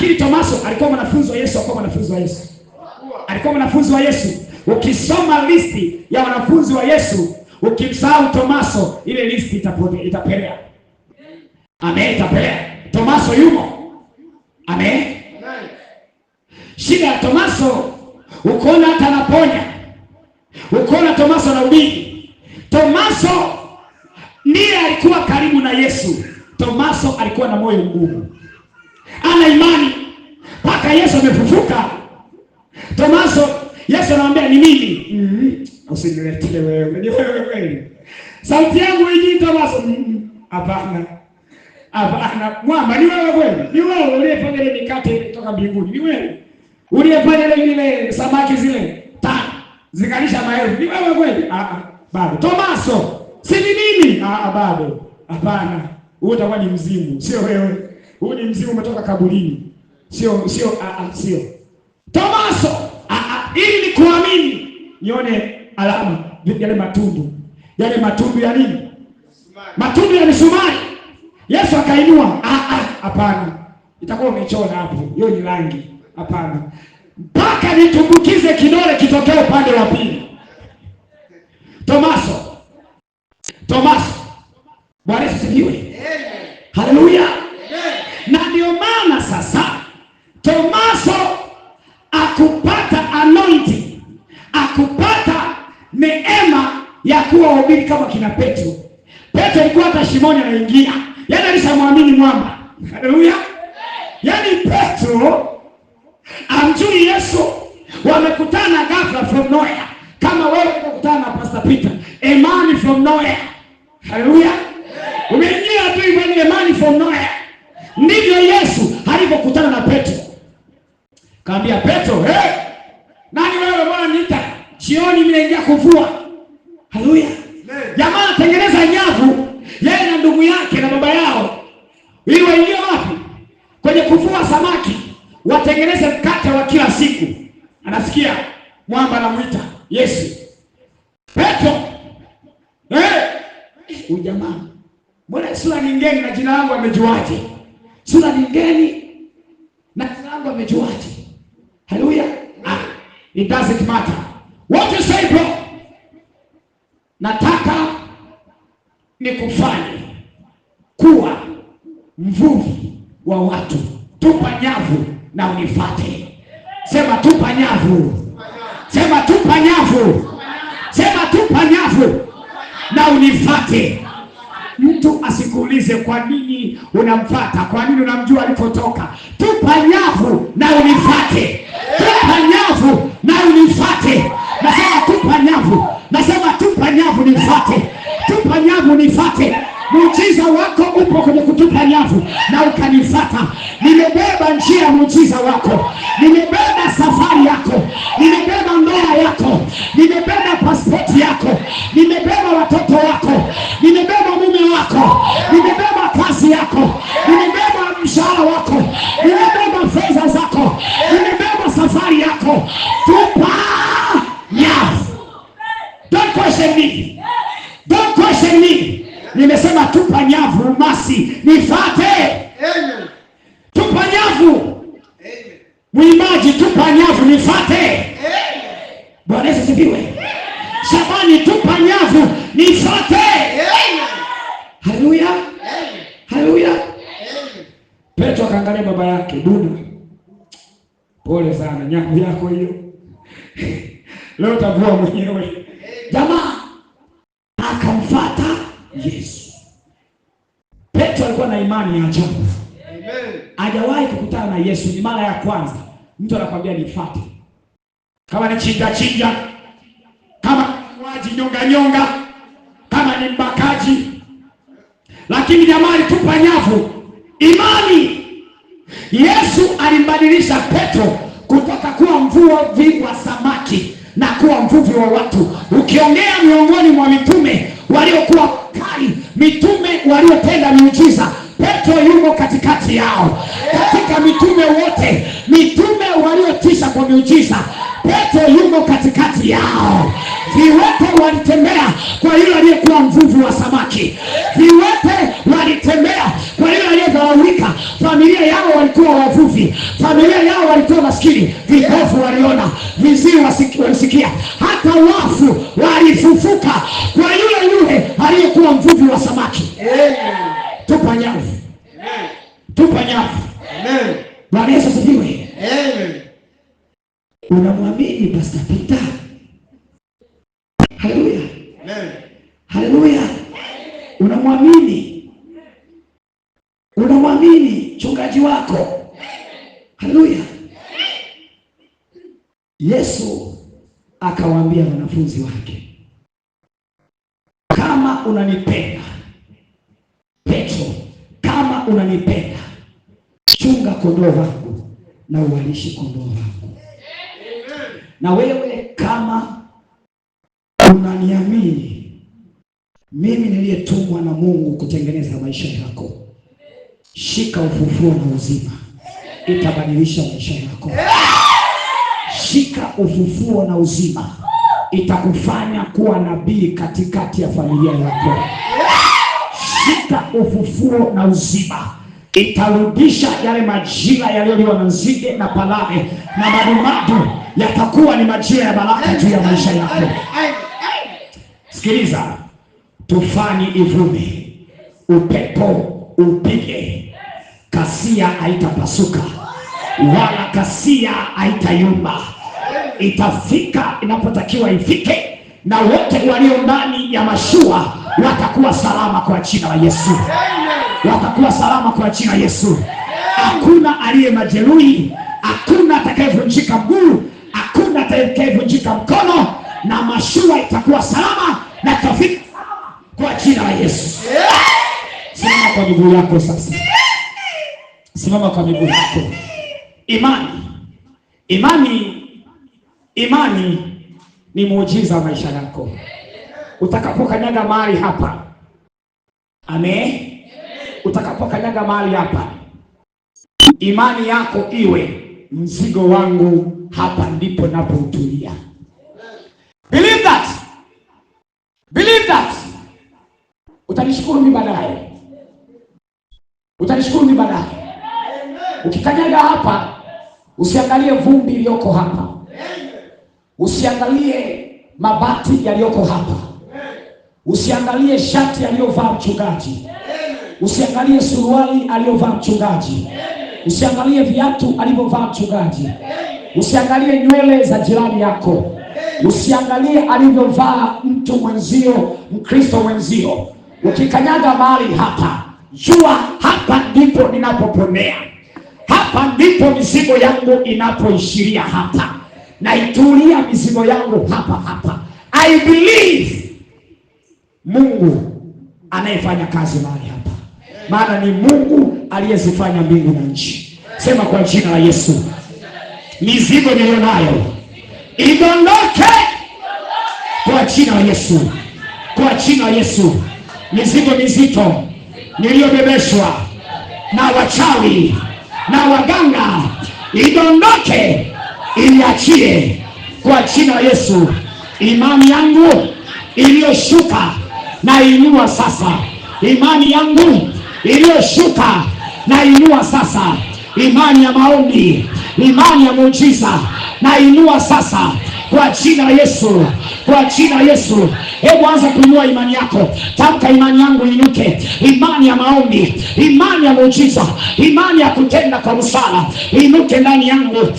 Lakini Tomaso alikuwa mwanafunzi wa Yesu, alikuwa mwanafunzi wa Yesu, alikuwa mwanafunzi wa Yesu. Ukisoma listi ya wanafunzi wa Yesu ukimsahau Tomaso, ile listi itapelea. Amen, itapelea. Tomaso yumo. Amen. Shida ya Tomaso ukona hata anaponya, ukaona Tomaso ubii Tomaso ndiye alikuwa karibu na Yesu. Tomaso alikuwa na moyo mgumu ana imani mpaka Yesu amefufuka. Tomaso, Yesu anamwambia ni mimi. Mm Usiniletee wewe, ni wewe kweli. Sauti yangu hiji Tomaso. Hapana. Hapana. Mwamba ni wewe kweli. Ni wewe uliyefanya ile mikate kutoka mbinguni. Ni wewe. Uliyefanya ile ile samaki zile tano zikalisha maelfu. Ni wewe kweli? Ah ah. Bado. Tomaso, si ni mimi? Ah ah, bado. Hapana. Wewe utakuwa ni mzimu, sio wewe. Huu ni mzimu umetoka kaburini, sio sio sio Tomaso. Ili ni kuamini, nione alama, yale matundu, yale matundu ya nini? Matundu ya misumari. Yesu akainua, hapana, itakuwa umechona hapo, hiyo ni rangi, hapana, mpaka nitumbukize kidole kitokea upande wa pili. Tomaso, Tomaso, Bwana asifiwe. kuwa wahubiri kama kina Petro. Petro alikuwa hata shimoni anaingia, yaani alishamwamini mwamba. Haleluya! Yaani Petro amjui Yesu, wamekutana ghafla from nowhere, kama wewe ukakutana na Pastor Peter, imani from nowhere. Haleluya! Umeingia tu hivyo, ni imani from nowhere. Ndivyo Yesu alivyokutana na Petro, kaambia Petro, hey, eh, nani wewe? Mbona niita jioni, mimi naingia kuvua kuvua samaki watengeneze mkate wa kila siku. Anasikia mwamba anamwita Yesu, Petro, huyu hey! Jamaa mbona sura ni ngeni na jina langu amejuaje? Sura ni ngeni na jina langu amejuaje? Haleluya! Ah, it doesn't matter what you say bro. Nataka nikufanye kuwa mvuvi wa watu tupa nyavu na unifate. Sema tupa nyavu, sema tupa nyavu, sema tupa nyavu na unifate. Mtu asikuulize kwa nini unamfata, kwa nini unamjua alipotoka. Tupa nyavu na unifate, tupa nyavu na unifate. Nasema tupa nyavu, nasema tupa nyavu nifate, tupa nyavu nifate. Muujiza wako upo kwenye kutupa nyavu na ukanifata nimekuachia muujiza wako, nimebeba safari yako, nimebeba ndoa yako, nimebeba pasipoti yako, nimebeba watoto wako, nimebeba mume wako, nimebeba kazi yako, nimebeba mshahara wako, nimebeba fedha zako, nimebeba safari yako. Tupa yes. Don't question me. Don't question me. Nimesema tupa nyavu masi, nifate. Amen. Mwimbaji, tupa nyavu nifate. Bwana Yesu asifiwe. Shabani, tupa nyavu nifate. Haleluya, haleluya. Petro akaangalia baba yake, dudu, pole sana, nyavu yako hiyo leo tavua mwenyewe. Jamaa akamfata Yesu. Petro alikuwa na imani ya ajabu hajawahi kukutana na Yesu, ni mara ya kwanza, mtu anakwambia nifuate. Kama ni chinga chinga, kama waji nyonga nyonga, kama ni mbakaji, lakini jamani, alitupa nyavu imani. Yesu alimbadilisha Petro kutoka kuwa mvuvi wa samaki na kuwa mvuvi wa watu. Ukiongea miongoni mwa mitume waliokuwa kali, mitume waliotenda miujiza Petro yuko katikati yao, katika mitume wote, mitume waliotisha kwa miujiza, Petro yuko katikati yao. Viwete walitembea kwa yule aliyekuwa mvuvi wa samaki, viwete walitembea kwa yule aliyedhalilika. Familia yao walikuwa wavuvi, familia yao walikuwa maskini, vipofu waliona, viziwi walisikia, hata wafu walifufuka kwa yule yule aliyekuwa mvuvi wa samaki. Tupa nyavu tupa nyafu. Amen. Bwana Yesu asifiwe. Amen. Unamwamini Pastor Peter? Haleluya. Amen. Haleluya. Unamwamini? Unamwamini chungaji wako? Haleluya. Yesu akawaambia wanafunzi wake, kama unanipenda Petro, kama unanipenda kondoo wangu na uwalishe kondoo wangu. Na wewe kama unaniamini mimi niliyetumwa na Mungu kutengeneza maisha yako, shika ufufuo na uzima, itabadilisha maisha yako. Shika ufufuo na uzima, itakufanya kuwa nabii katikati ya familia yako. Shika ufufuo na uzima itarudisha yale majira yaliyoliwa na nzige na palale na madumadu, yatakuwa ni majira ya baraka juu ya maisha yako. Sikiliza, tufani ivume, upepo upige, kasia haitapasuka wala kasia haitayumba, itafika inapotakiwa ifike, na wote walio ndani ya mashua watakuwa salama kwa jina la Yesu watakuwa salama kwa jina Yesu. Hakuna aliye majeruhi, hakuna atakayevunjika mguu, hakuna atakayevunjika mkono, na mashua itakuwa salama na itafika salama kwa jina la Yesu. Simama kwa miguu yako sasa, simama kwa miguu yako. Imani, imani, imani ni muujiza wa maisha yako utakapokanyaga mahali hapa. Amen utakapokanyaga mahali hapa, imani yako iwe mzigo wangu hapa ndipo napoutulia. Believe that, believe that. Utanishukuru mimi baadaye, utanishukuru mimi baadaye. Ukikanyaga hapa, usiangalie vumbi iliyoko hapa, usiangalie mabati yaliyoko hapa, usiangalie shati aliyovaa mchungaji Usiangalie suruali aliyovaa mchungaji, usiangalie viatu alivyovaa mchungaji, usiangalie nywele za jirani yako, usiangalie alivyovaa mtu mwenzio, Mkristo mwenzio. Ukikanyaga mahali hapa, jua hapa ndipo ninapoponea, hapa ndipo mizigo yangu inapoishiria, hapa naitulia mizigo yangu hapa hapa. I believe Mungu anayefanya kazi mahali maana ni Mungu aliyezifanya mbingu na nchi. Sema kwa jina la Yesu, mizigo niliyonayo idondoke kwa jina la Yesu, kwa jina la Yesu. Mizigo mizito niliyobebeshwa na wachawi na waganga idondoke, iliachie kwa jina la Yesu. Imani yangu iliyoshuka na inua sasa, imani yangu iliyoshuka na inua sasa, imani ya maombi, imani ya muujiza na inua sasa kwa jina la Yesu, kwa jina la Yesu. Hebu anza kuinua imani yako, tamka imani yangu inuke, imani ya maombi, imani ya muujiza, imani ya kutenda kwa busara inuke ndani yangu.